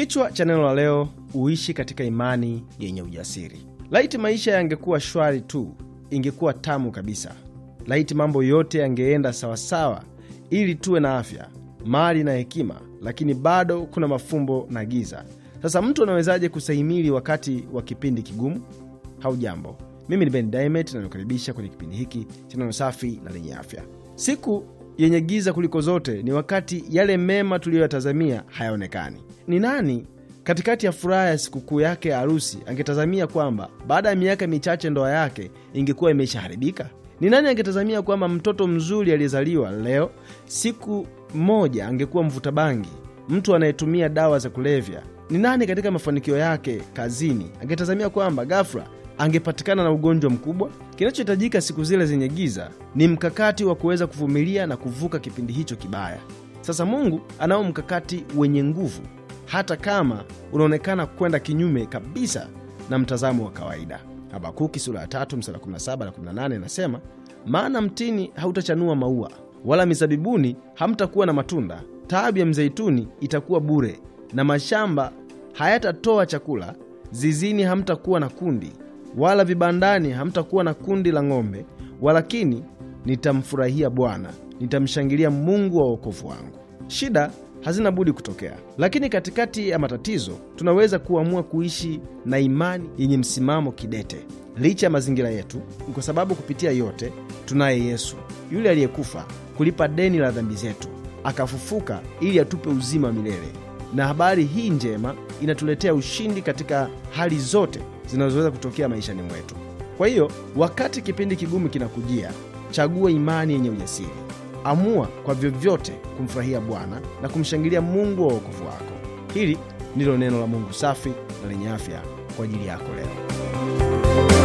Kichwa cha neno la leo: uishi katika imani yenye ujasiri. Laiti maisha yangekuwa shwari tu, ingekuwa tamu kabisa. Laiti mambo yote yangeenda sawasawa, ili tuwe na afya, mali na hekima, lakini bado kuna mafumbo na giza. Sasa mtu anawezaje kusahimili wakati wa kipindi kigumu? jambo mimi ni Ben dimet na kwenye kipindi hiki cha neno safi na lenye afya. Siku yenye giza kuliko zote ni wakati yale mema tuliyoyatazamia hayaonekani. Ni nani katikati ya furaha ya sikukuu yake ya harusi angetazamia kwamba baada ya miaka michache ndoa yake ingekuwa imeshaharibika? Ni nani angetazamia kwamba mtoto mzuri aliyezaliwa leo siku moja angekuwa mvuta bangi, mtu anayetumia dawa za kulevya? Ni nani katika mafanikio yake kazini angetazamia kwamba ghafla angepatikana na ugonjwa mkubwa. Kinachohitajika siku zile zenye giza ni mkakati wa kuweza kuvumilia na kuvuka kipindi hicho kibaya. Sasa Mungu anao mkakati wenye nguvu, hata kama unaonekana kwenda kinyume kabisa na mtazamo wa kawaida. Habakuki sura ya tatu mstari 17 na 18 inasema, maana mtini hautachanua maua wala mizabibuni hamtakuwa na matunda, taabu ya mzeituni itakuwa bure, na mashamba hayatatoa chakula, zizini hamtakuwa na kundi, wala vibandani hamtakuwa na kundi la ng'ombe, walakini nitamfurahia Bwana, nitamshangilia Mungu wa wokovu wangu. Shida hazina budi kutokea, lakini katikati ya matatizo tunaweza kuamua kuishi na imani yenye msimamo kidete licha ya mazingira yetu, kwa sababu kupitia yote tunaye Yesu yule aliyekufa kulipa deni la dhambi zetu, akafufuka ili atupe uzima wa milele, na habari hii njema inatuletea ushindi katika hali zote zinazoweza kutokea maishani mwetu. Kwa hiyo, wakati kipindi kigumu kinakujia, chagua imani yenye ujasiri. Amua kwa vyovyote kumfurahia Bwana na kumshangilia Mungu wa uokovu wako. Hili ndilo neno la Mungu safi na lenye afya kwa ajili yako leo.